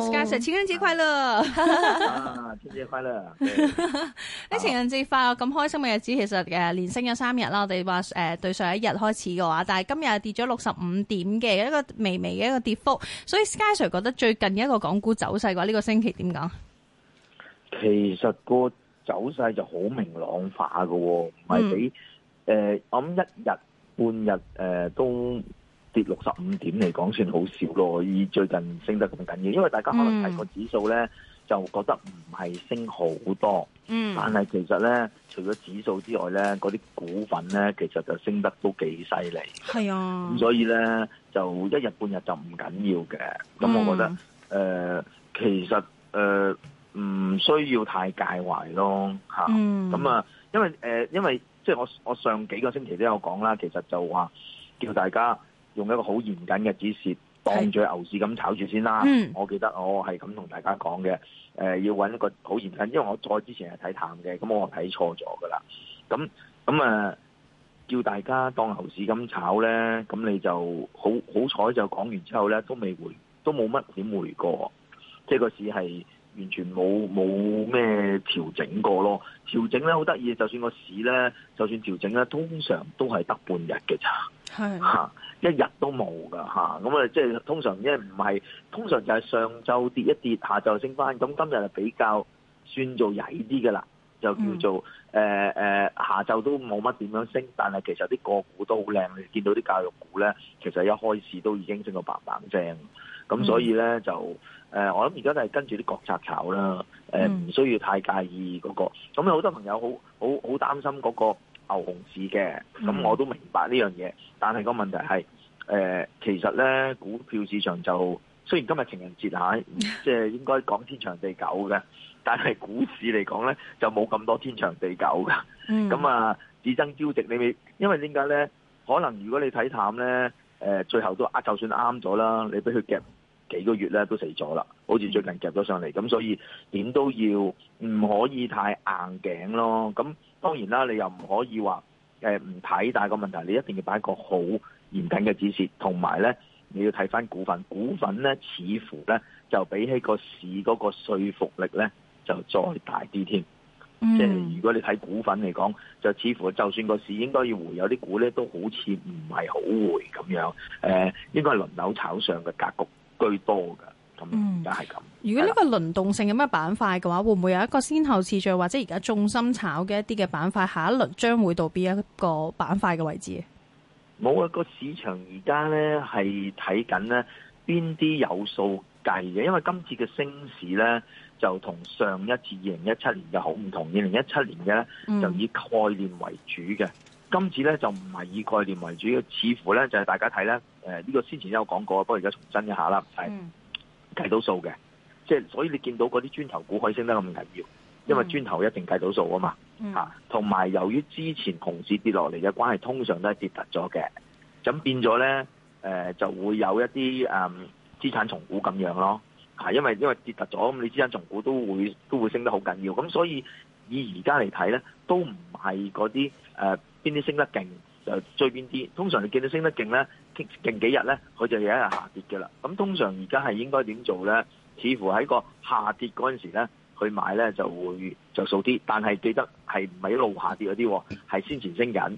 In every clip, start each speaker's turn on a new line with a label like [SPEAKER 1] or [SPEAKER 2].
[SPEAKER 1] Sky sir，情人節快樂。 啊，情人節
[SPEAKER 2] 快樂。
[SPEAKER 1] 喺 情人節快樂咁開心嘅日子，其實嘅連升咗三日啦。我哋話誒，對上一日開始嘅話，但係今日係跌咗六十五點嘅一個微微嘅一個跌幅。所以 Sky sir 覺得最近一個港股走勢嘅話，呢、這個星期點講？
[SPEAKER 2] 其實個走勢就好明朗化㗎、哦，唔係畀誒，咁、嗯呃、一日半日誒、呃、都。跌六十五點嚟講，算好少咯。以最近升得咁緊要，因為大家可能睇個指數咧，mm. 就覺得唔係升好多，嗯
[SPEAKER 3] ，mm. 但係其
[SPEAKER 2] 實咧，除咗指數之外咧，嗰啲股份咧，其實就升得都幾犀利，
[SPEAKER 3] 係啊。咁所
[SPEAKER 2] 以咧，就一日半日就唔緊要嘅。咁我覺得，mm. 呃、其實誒，唔、呃、需要太介懷咯，咁、mm. 啊，因為、呃、因為即係我我上幾個星期都有講啦，其實就話叫大家。用一個好嚴謹嘅指示當住牛市咁炒住先啦。的嗯、我記得我係咁同大家講嘅，誒、呃、要搵一個好嚴謹，因為我再之前係睇淡嘅，咁我睇錯咗㗎喇。咁咁啊，叫大家當牛市咁炒咧，咁你就好好彩就講完之後咧，都未回，都冇乜點回過，即、就、係、是、個市係完全冇冇咩調整過咯。調整咧好得意，就算個市咧，就算調整咧，通常都係得半日嘅咋。係吓。一日都冇噶嚇，咁啊即係通常唔係，即係唔係通常就係上晝跌一跌，下晝升翻。咁今日係比較算做曳啲嘅啦，就叫做、嗯呃呃、下晝都冇乜點樣升，但係其實啲個股都好靚，你見到啲教育股咧，其實一開始都已經升到白板正。咁所以咧、嗯、就、呃、我諗而家都係跟住啲國策炒啦，唔、呃嗯、需要太介意嗰、嗰個。咁有好多朋友好好好擔心嗰、嗰個。牛熊市嘅，咁我都明白呢樣嘢，mm hmm. 但係個問題係，誒，其實咧股票市場就雖然今日情人節啊，即係應該講天長地久嘅，但係股市嚟講咧就冇咁多天長地久㗎。咁、mm hmm. 啊只爭朝夕你，因為點解咧？可能如果你睇淡咧，誒，最後都啊，就算啱咗啦，你俾佢夾幾個月咧都死咗啦，好似最近夾咗上嚟，咁、mm hmm. 所以點都要唔可以太硬頸咯，咁。當然啦，你又唔可以話誒唔睇，但係個問題你一定要擺一個好嚴謹嘅指示，同埋咧你要睇翻股份，股份咧似乎咧就比起個市嗰個說服力咧就再大啲添。
[SPEAKER 3] 即係、嗯、如
[SPEAKER 2] 果你睇股份嚟講，就似乎就算個市應該要回有些，有啲股咧都好似唔係好回咁樣，誒應該係輪流炒上嘅格局居多㗎。嗯，又係
[SPEAKER 1] 咁。如果呢個輪動性有咩板塊嘅話，會唔會有一個先後次序，或者而家重心炒嘅一啲嘅板塊，下一輪將會到邊一個板塊嘅位置？
[SPEAKER 2] 冇啊、嗯！個市場而家咧係睇緊咧邊啲有數計嘅，因為今次嘅升市咧就同上一次二零一七年就好唔同。二零一七年嘅咧就以概念為主嘅，嗯、今次咧就唔係以概念為主嘅，似乎咧就係大家睇咧誒呢個先前都有講過，不過而家重申一下啦，係。嗯計到數嘅，即係所以你見到嗰啲磚頭股可以升得咁緊要，因為磚頭一定計到數啊嘛，吓，同埋由於之前熊市跌落嚟嘅關係，通常都係跌突咗嘅，咁變咗咧，誒就會有一啲誒資產重估咁樣咯，吓，因為因為跌突咗，咁你資產重估都會都會升得好緊要，咁所以以而家嚟睇咧，都唔係嗰啲誒邊啲升得勁就追邊啲，通常你見到升得勁咧。近幾日咧，佢就有一日下跌嘅啦。咁通常而家係應該點做咧？似乎喺個下跌嗰陣時咧，去買咧就會着數啲。但係記得係唔係一路下跌嗰啲，係先前升緊，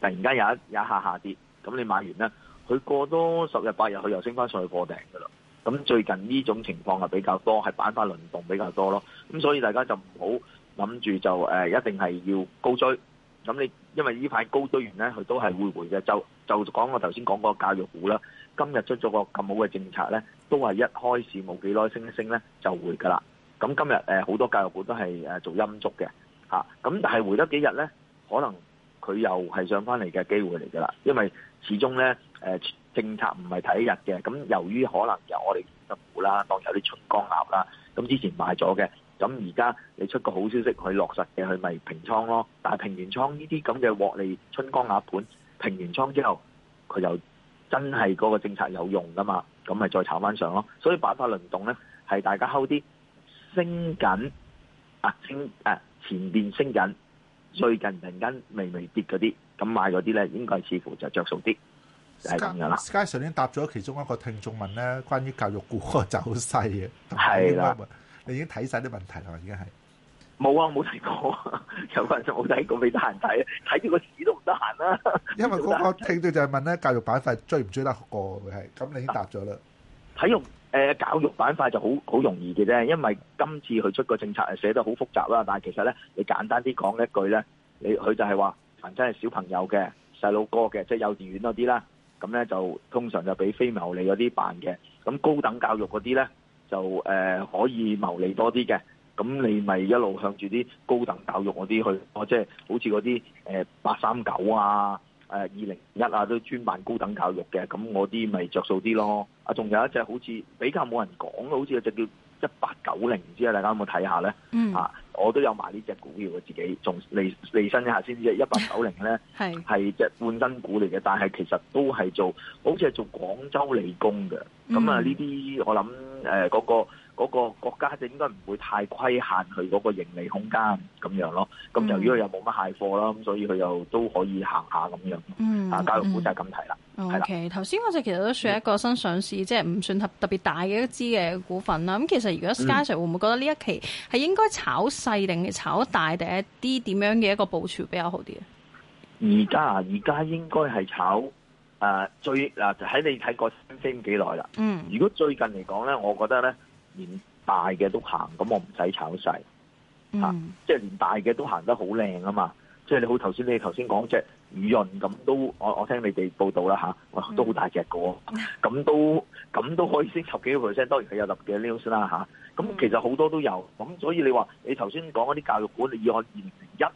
[SPEAKER 2] 突然間有一有一下下跌，咁你買完咧，佢過多十日八日，佢又升翻上去過頂嘅啦。咁最近呢種情況係比較多，係板塊輪動比較多咯。咁所以大家就唔好諗住就誒一定係要高追。咁你因為堆呢排高追完咧，佢都係會回嘅就。就講我頭先講個教育股啦，今日出咗個咁好嘅政策咧，都係一開始冇幾耐升一升咧就回㗎啦。咁今日誒好多教育股都係誒做陰燭嘅嚇，咁但係回得幾日咧，可能佢又係上翻嚟嘅機會嚟㗎啦。因為始終咧誒政策唔係睇一日嘅，咁由於可能由我哋嘅股啦，當有啲春江鴨啦，咁之前買咗嘅，咁而家你出個好消息，佢落實嘅佢咪平倉咯。但係平完倉呢啲咁嘅獲利春江鴨盤。平完倉之後，佢就真係嗰個政策有用噶嘛，咁咪再炒翻上咯。所以辦法輪動咧，係大家睺啲升緊啊，升啊，前邊升緊，最近突然間微微跌嗰啲，咁買嗰啲咧，應該似乎就著數啲。就咁樣啦，Sky 上面答咗其中一個聽眾問咧，關於教育股個走勢嘅，係啦，你已經睇曬啲問題啦，已經係。冇啊，冇睇過，啊。有人就冇睇過未得閒睇。睇住個字都唔得閒啦。因為個我我聽到就係問咧，教育板塊追唔追得過？係咁，你已經答咗啦。體育誒、呃、教育板塊就好好容易嘅啫，因為今次佢出個政策係寫得好複雜啦。但其實咧，你簡單啲講一句咧，你佢就係話，凡真係小朋友嘅細路哥嘅，即係、就是、幼稚園嗰啲啦。咁咧就通常就俾非牟利嗰啲辦嘅。咁高等教育嗰啲咧，就誒、呃、可以牟利多啲嘅。咁你咪一路向住啲高等教育嗰啲去，我即係好似嗰啲誒八三九啊、誒二零一啊都專辦高等教育嘅，咁我啲咪着數啲咯。啊，仲有一隻好似比較冇人講，好似有隻叫一八九零，唔知啊，大家有冇睇下咧、啊啊？嗯啊，我都有買呢隻股票，我自己，仲利申一下先知。一八九零咧係係隻換身股嚟嘅，但係其實都係做，好似係做廣州理工嘅。咁啊，呢啲我諗誒嗰個。嗰個國家就應該唔會太規限佢嗰個盈利空間咁樣咯，咁由於佢又冇乜蟹貨啦，咁所以佢又都可以行下咁樣，啊、嗯，教、嗯、育股就係咁睇啦。
[SPEAKER 1] OK，頭先的我哋其實都算係一個新上市，即係唔算特特別大嘅一支嘅股份啦。咁其實如果 Sky Sir、嗯、會唔會覺得呢一期係應該炒細定係炒大，定係一啲點樣嘅一個部署比較好啲啊？
[SPEAKER 2] 而家啊，而家應該係炒啊、呃、最嗱，就喺你睇過升飛幾耐啦。嗯。如果最近嚟講咧，我覺得咧。連大嘅都行，咁我唔使炒細，
[SPEAKER 3] 嚇、mm.
[SPEAKER 2] 啊，即係連大嘅都行得好靚啊嘛！即係你好頭先，你頭先講隻雨潤咁都，我我聽你哋報道啦嚇，都好大隻個，咁、mm. 啊、都咁都可以升十幾個 percent，當然佢有特別嘅 news 啦吓，咁、啊啊、其實好多都有，咁所以你話你頭先講嗰啲教育股，你以我現前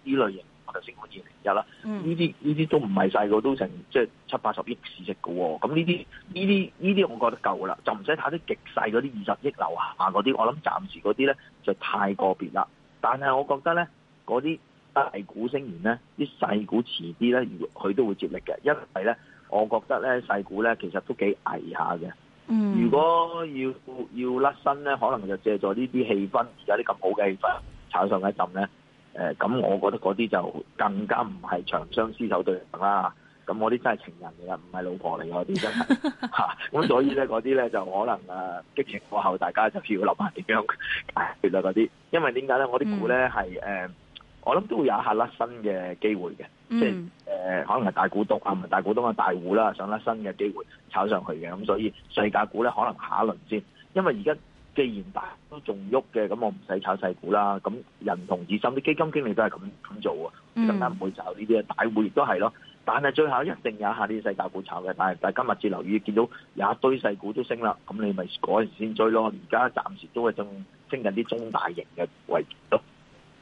[SPEAKER 2] 一呢類型。我就升到二零一啦，呢啲呢啲都唔係細嘅，都成即係、就是、七八十億市值嘅、啊，咁呢啲呢啲呢啲我覺得夠啦，就唔使睇啲極細嗰啲二十億樓下嗰啲，我諗暫時嗰啲咧就太個別啦。但係我覺得咧，嗰啲大股升完咧，啲細股遲啲咧，佢都會接力嘅，因為咧，我覺得咧細股咧其實都幾危下嘅。嗯、如果要要甩身咧，可能就借助呢啲氣氛，有啲咁好嘅氣氛，炒上一陣咧。誒咁，嗯、我覺得嗰啲就更加唔係長相廝守對象啦。咁我啲真係情人嚟 啊，唔係老婆嚟㗎啲真係嚇。咁所以咧，嗰啲咧就可能、啊、激情過後，大家就要諗下點樣解決嗰啲。因為點解咧？我啲股咧係誒，我諗都會有一下甩身嘅機會嘅，嗯、即係誒、呃、可能係大股東啊、唔係大股東啊、大戶啦想甩身嘅機會炒上去嘅。咁、嗯、所以世界股咧可能下一輪先，因為而家。既然大家都仲喐嘅，咁我唔使炒細股啦。咁人同義心啲基金經理都係咁咁做啊，
[SPEAKER 3] 更加唔會
[SPEAKER 2] 炒呢啲啊。大會亦都係咯，但係最後一定有下啲細價股炒嘅。但係今日至留意，見到有一堆細股都升啦，咁你咪嗰陣時先追咯。而家暫時都係仲升緊啲中大型嘅位咯。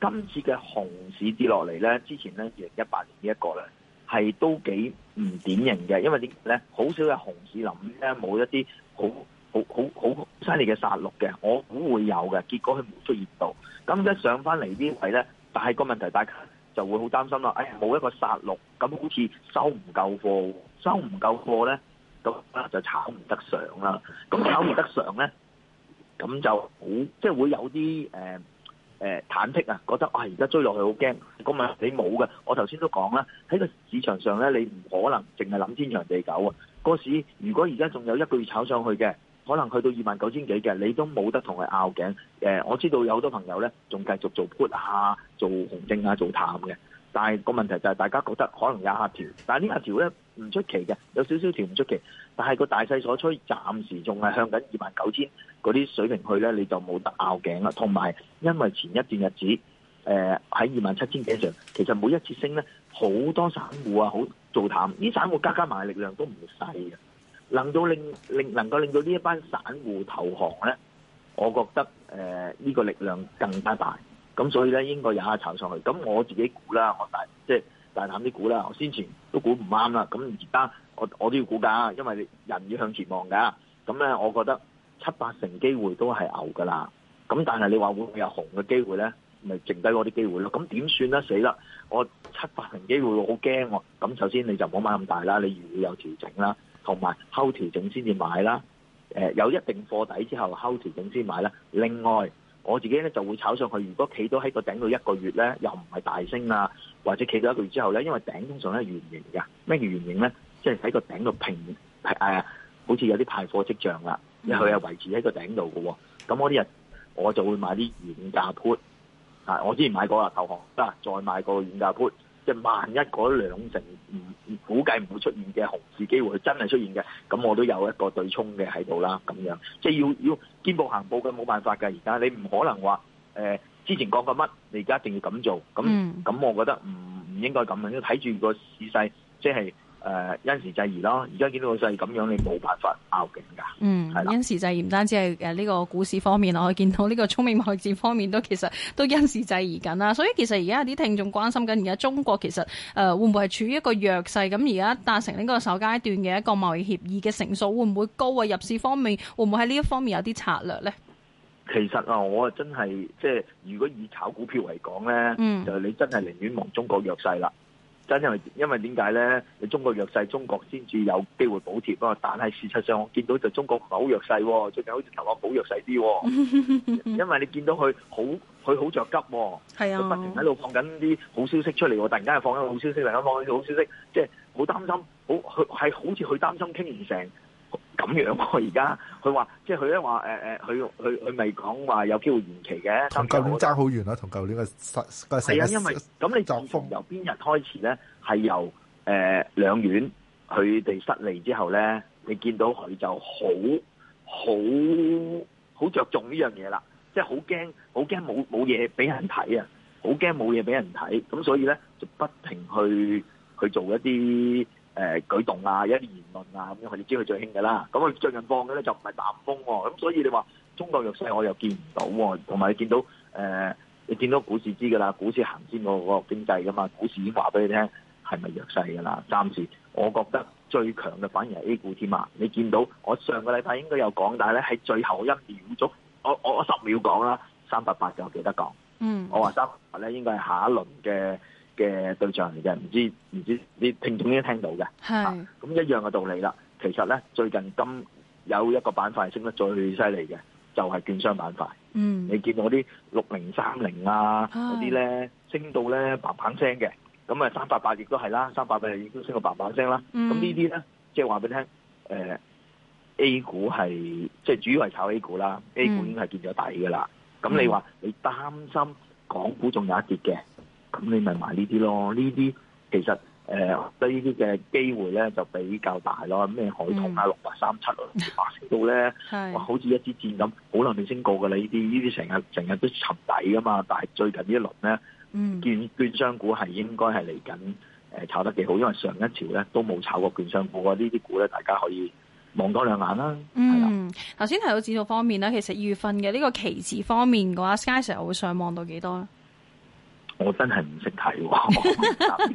[SPEAKER 2] 今次嘅熊市跌落嚟咧，之前咧二零一八年呢一個咧，係都幾唔典型嘅，因為點咧？好少嘅熊市冧咧冇一啲好好好好犀利嘅殺戮嘅，我估會有嘅。結果佢冇出現到。咁一上翻嚟呢位咧，但係個問題大家就會好擔心啦。哎呀，冇一個殺戮，咁好似收唔夠貨，收唔夠貨咧，咁啊就炒唔得上啦。咁炒唔得上咧，咁就好，即係會有啲誒忐忑啊，覺得啊而家追落去好驚，咁啊你冇嘅，我頭先都講啦，喺個市場上咧，你唔可能淨係諗天長地久啊，個市如果而家仲有一個月炒上去嘅，可能去到二萬九千幾嘅，你都冇得同佢拗頸。誒，我知道有好多朋友咧，仲繼續做 put 下、啊、做紅證啊，做淡嘅，但係個問題就係大家覺得可能有下調，但係呢下調咧。唔出奇嘅，有少少調唔出奇，但係個大勢所趨，暫時仲係向緊二萬九千嗰啲水平去咧，你就冇得拗頸啦。同埋因為前一段日子，誒喺二萬七千幾上，其實每一次升咧，好多散戶啊，好做淡，呢散戶加加埋力量都唔細嘅，能夠令令能夠令到呢一班散戶投降咧，我覺得誒呢、呃呢個力量更加大，咁所以咧應該有下炒上去。咁我自己估啦，我大即係。大膽啲估啦！我先前都估唔啱啦，咁而家我我都要估㗎，因為人要向前望㗎。咁咧，我覺得七八成機會都係牛㗎啦。咁但係你話會唔會有紅嘅機會咧？咪剩低嗰啲機會咯。咁點算咧？死啦！我七八成機會我好驚我。咁首先你就唔好買咁大啦，你預要有調整啦，同埋後調整先至買啦。誒，有一定貨底之後後調整先買啦。另外。我自己咧就會炒上去，如果企到喺個頂度一個月咧，又唔係大升啊，或者企到一個月之後咧，因為頂通常咧係圓形嘅，咩圓形咧？即係喺個頂度平誒、啊，好似有啲派貨跡象啦，佢係維持喺個頂度嘅喎，咁我啲人我就會買啲原價盤，啊，我之前買過啦，投降。得，再買個原價盤。即係萬一嗰兩成唔估計唔會出現嘅熊市機會，真係出現嘅，咁我都有一個對沖嘅喺度啦。咁樣即係、就是、要要見步行步嘅，冇辦法㗎。而家你唔可能話誒、呃、之前講過乜，你而家一定要咁做。咁咁，那我覺得唔唔應該咁樣，要睇住個市勢，即、就、係、是。誒，因時制宜咯。而家見到個勢咁樣，你冇辦法拗頸噶。嗯，係啦，
[SPEAKER 1] 因時制宜唔單止係誒呢個股市方面，我見到呢個聰明貿易戰方面都其實都因時制宜緊啦。所以其實而家有啲聽眾關心緊，而家中國其實誒、呃、會唔會係處於一個弱勢？咁而家達成呢個首階段嘅一個貿易協議嘅成數會唔會高啊？入市方面會唔會喺呢一方面有啲策略咧？
[SPEAKER 2] 其實啊，我啊真係即係如果以炒股票嚟講咧，嗯、就你真係寧願望中國弱勢啦。真因為因為點解咧？你中國弱勢，中國先至有機會補貼咯。但係事實上，我見到就中國唔係好弱勢，哦，最近好似頭殼補弱勢啲，哦。 因為你見到佢好，佢好着急，哦，喎，
[SPEAKER 3] 啊，不停喺度
[SPEAKER 2] 放緊啲好消息出嚟。突然間又放緊好消息，突然間放啲好消息，即係好擔心，好佢係好似佢擔心傾唔成。咁樣喎，而家佢話，即係佢咧話誒誒，佢佢佢咪講話有機會延期嘅。同舊年爭好遠啦，同舊年嘅實嘅成績。係因為咁，你自從由邊日開始咧，係由誒兩院佢哋失利之後咧，你見到佢就好好好著重呢樣嘢啦，即係好驚，好驚冇冇嘢俾人睇啊，好驚冇嘢俾人睇，咁所以咧就不停去去做一啲。誒舉動啊，一啲言論啊，咁樣你知佢最興嘅啦。咁佢最近放嘅咧就唔係南風喎，咁所以你話中國弱勢我又見唔到，同埋你見到誒、呃，你見到股市知㗎啦，股市行先個經濟㗎嘛，股市已經話俾你聽係咪弱勢㗎啦。暫時我覺得最強嘅反而係 A 股添啊，你見到我上個禮拜應該有講，但係咧喺最後一秒鐘，我我十秒講啦，三八八就記得講。
[SPEAKER 3] 嗯，我話三
[SPEAKER 2] 八八咧應該係下一輪嘅。嘅對象嚟嘅，唔知唔知你聽眾應該聽到嘅，咁是、啊、一樣嘅道理啦。其實咧，最近今有一個板塊升得最犀利嘅，就係、是、券商板塊。嗯，你見到啲六零三零啊嗰啲咧，升到咧嘭嘭聲嘅，咁啊三八八亦都係啦，三八八已經升到嘭嘭聲啦。咁、嗯、呢啲咧，即係話俾你聽，誒、呃、A 股係即係主要係炒 A 股啦、嗯、，A 股已經係見咗底噶啦。咁你話你擔心港股仲有一跌嘅？咁你咪買呢啲咯？呢啲其實誒得呢啲嘅機會咧就比較大咯。咩海通啊、六百三七啊、八成都咧，好似一支箭咁，好耐未升過噶啦。呢啲呢啲成日成日都沉底噶嘛。但係最近呢一輪咧，券券、嗯、商股係應該係嚟緊炒得幾好，因為上一朝咧都冇炒過券商股啊。股呢啲股咧，大家可以望多兩眼啦。嗯，
[SPEAKER 1] 頭先的提到指數方面咧，其實二月份嘅呢、呢個期指方面嘅話，Sky 成日會上望到幾多咧？
[SPEAKER 2] 我真係唔識睇。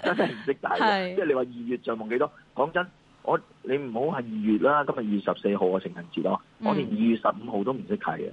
[SPEAKER 2] 真係唔識睇，即係你話二月再望幾多？講真，我你唔好係二月啦，今日二月十四號啊，我情人節咯。我連二月十五號都唔識睇嘅，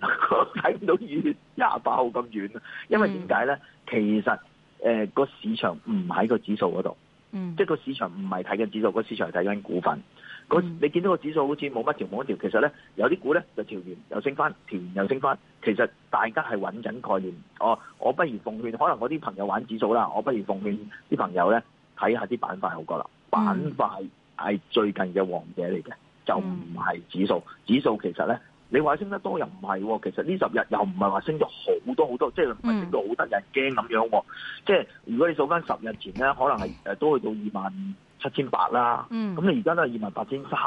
[SPEAKER 2] 睇唔，嗯、 到二月廿八號咁遠啊！因為點解咧？嗯、其實誒、呃嗯、個市場唔喺個指數嗰度，即係個市場唔係睇緊指數，個市場係睇緊股份。嗯、你見到個指數好似冇乜調冇乜調，其實咧，有啲股咧，就調完又升翻，調完又升翻。其實大家係搵緊概念。哦，我不如奉勸，可能嗰啲朋友玩指數啦，我不如奉勸啲朋友咧，睇下啲板塊好過啦。嗯、板塊係最近嘅王者嚟嘅，就唔係指數。嗯、指數其實咧，你話升得多又唔係、哦。其實呢十日又唔係話升咗好多好多，就是是哦嗯、即係唔係升到好得人驚咁樣。即係如果你數翻十日前咧，可能係多、呃、都去到二萬一千八啦，咁、嗯、你而家都係二萬八千三，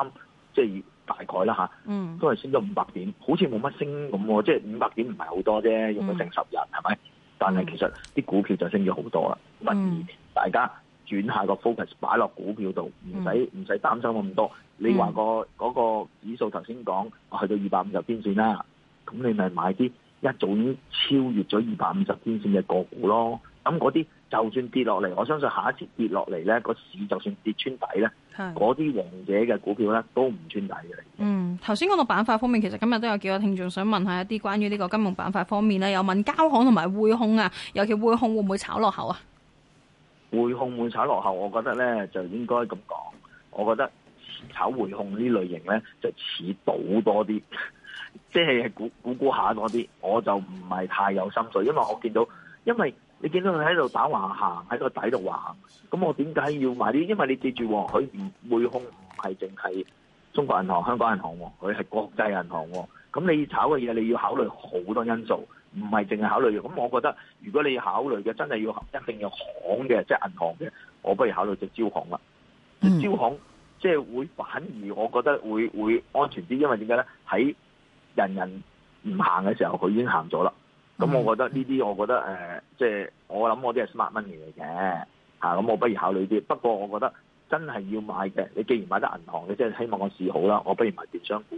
[SPEAKER 2] 即係大概啦吓，嗯、都係升咗五百點，好似冇乜升咁，啊，即係五百點唔係好多啫，嗯、用咗成十日係咪？但係其實啲股票就升咗好多啦。不如大家轉下個 focus，擺落股票度，唔使唔使擔心咁多。你話，嗰個，嗯、個指數頭先講去到二百五十天線啦，咁你咪買啲一,一早已經超越咗二百五十天線嘅個股咯。咁嗰啲。就算跌落嚟，我相信下一次跌落嚟咧，個市就算跌穿底咧，嗰啲是王者嘅股票咧都唔穿底嘅。嗯，
[SPEAKER 1] 頭先嗰個板塊方面，其實今日都有幾個聽眾想問一下一啲關於呢個金融板塊方面咧，有問交行同埋匯控啊，尤其匯控會唔會炒落後啊？
[SPEAKER 2] 匯控會炒落後，我覺得咧就應該咁講。我覺得炒匯控呢類型咧，就似賭多啲，即係估估估下多啲。我就唔係太有心水，因為我見到因為。你見到佢喺度打橫行喺個底度橫行，咁我點解要買啲？因為你記住喎，佢唔會控，唔係淨係中國銀行、香港銀行喎，佢係國際銀行喎。咁你炒嘅嘢你要考慮好多因素，唔係淨係考慮的。咁我覺得如果你要考慮嘅，真係要一定要行嘅，即係銀行嘅，我不如考慮隻招行啦。隻招行即係會反而，我覺得會會安全啲，因為點解咧？喺人人唔行嘅時候，佢已經行咗啦。咁我覺得呢啲，我覺得即係我諗，我啲係 smart money 嚟嘅，咁我不如考慮啲。不過我覺得真係要買嘅，你既然買得銀行，你即係希望我市好啦，我不如買券商股。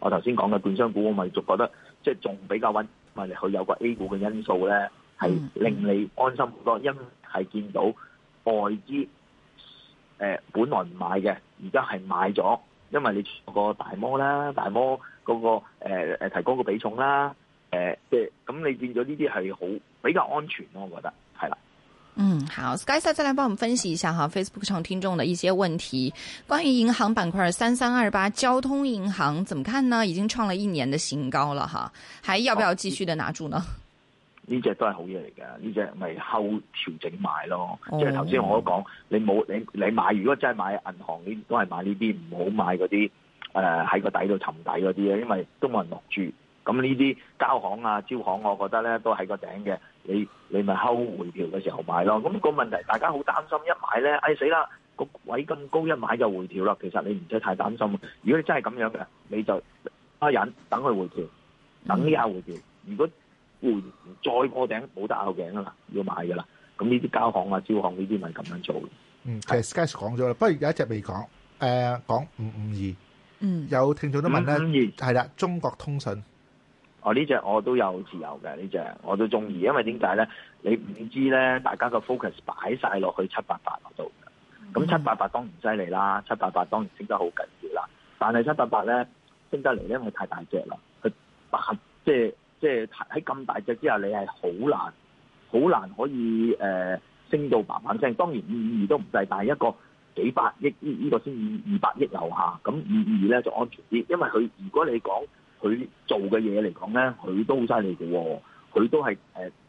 [SPEAKER 2] 我頭先講嘅券商股，我咪仲覺得即係仲比較穩，咪佢有個 A 股嘅因素咧，係令你安心好多，因係見到外資誒、呃、本來唔買嘅，而家係買咗，因為你個大摩啦，大摩嗰、那個誒、呃、提高個比重啦。誒，即係咁，你變咗呢啲係好比較安全咯、啊，我覺得係啦。嗯，
[SPEAKER 4] 好、Sky、Sir 再嚟幫我們分析一下哈，Facebook 上聽眾的一些問題，關於銀行板塊三三二八，交通銀行怎麼看呢？已經創了一年的新高了哈，還要不要繼續的拿住呢？
[SPEAKER 2] 呢隻、哦、都係好嘢嚟嘅，呢隻咪後調整買咯。哦、即係頭先我都講，你冇你你買，如果真係買銀行，你都係買呢啲，唔好買嗰啲誒喺個底度沉底嗰啲啊，因為都冇人落注。咁呢啲交行啊、招行，我覺得咧都喺個頂嘅，你你咪睺回調嘅時候買咯。咁個問題，大家好擔心一買咧，哎死啦！個位咁高，一買就回調啦。其實你唔使太擔心。如果你真係咁樣嘅，你就啊忍，等佢回調，等呢下回調。如果回再過頂，冇得拗頸噶啦，要買噶啦。咁呢啲交行啊、招行呢啲，咪咁樣做。嗯，即係 Sky 講咗啦，不如有一隻未講，誒講五五二。嗯，有聽眾都問咧，係啦，中國通訊。我呢隻我都有自由嘅呢隻，我都中意，因為點解咧？你唔知咧，大家個 focus 擺晒落去七八八度咁，mm hmm. 七八八當然犀利啦，七八八當然升得好緊要啦。但係七八八咧升得嚟咧，佢太大隻啦，佢猛即係即係喺咁大隻之下，你係好難好難可以誒、呃、升到嘭嘭聲。當然二二二都唔細，但係一個幾百億呢、呢個先二二百億樓下，咁二二二咧就安全啲，因為佢如果你講。佢做嘅嘢嚟講咧，佢都好犀利嘅。佢都係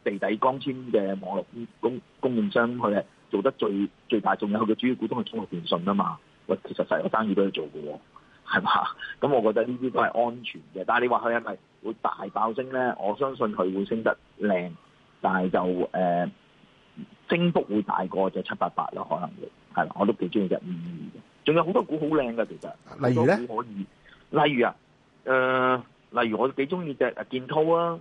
[SPEAKER 2] 地底光纖嘅網絡供供應商，佢係做得最最大。仲有佢嘅主要股東係中國電信啊嘛。喂，其實成個生意都係做嘅、哦，係嘛？咁我覺得呢啲都係安全嘅。但係你話佢係咪會大爆升咧？我相信佢會升得靚，但係就誒升幅會大過就七八八咯，可能會係啦。我都幾中意嘅，唔易嘅。仲有好多股好靚嘅，其實例如咧，可以，例如，呢例如啊。誒、呃，例如我幾中意隻阿建滔啊，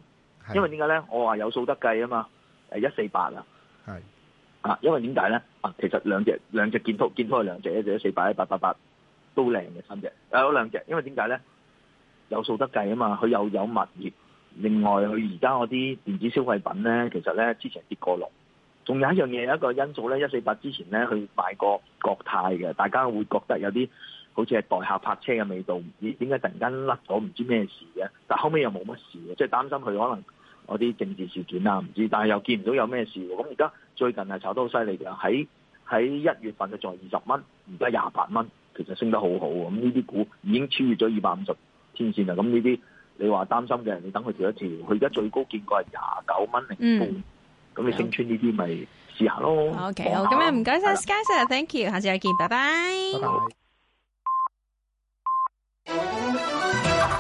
[SPEAKER 2] 是因為點解咧？我話有數得計啊嘛，係一四八啊，是啊，因為點解咧？啊，其實兩隻兩隻建滔，建滔係兩隻，一就一四八一八八八，都靚嘅三隻，有、呃、兩隻，因為點解咧？有數得計啊嘛，佢又有，有物業，另外佢而家嗰啲電子消費品咧，其實咧之前跌過落，仲有一樣嘢，有一個因素咧，一四八之前咧佢買過國泰嘅，大家會覺得有啲。好似係代客泊車嘅味道，唔知點解突然間甩咗，唔知咩事嘅。但後尾又冇乜事嘅，即係擔心佢可能嗰啲政治事件啊，唔知。但係又見唔到有咩事喎。咁而家最近係炒得好犀利嘅，喺喺一月份就仲二十蚊，而家廿八蚊，其實升得好好。咁呢啲股已經超越咗二百五十天線啦。咁呢啲你話擔心嘅人，你等佢調一調。佢而家最高見過係廿九蚊零半，咁、嗯、你升穿呢啲咪試下咯。OK，好咁
[SPEAKER 1] 樣，唔該晒。SkySir，Thank you，下次再見，拜拜。Bye bye.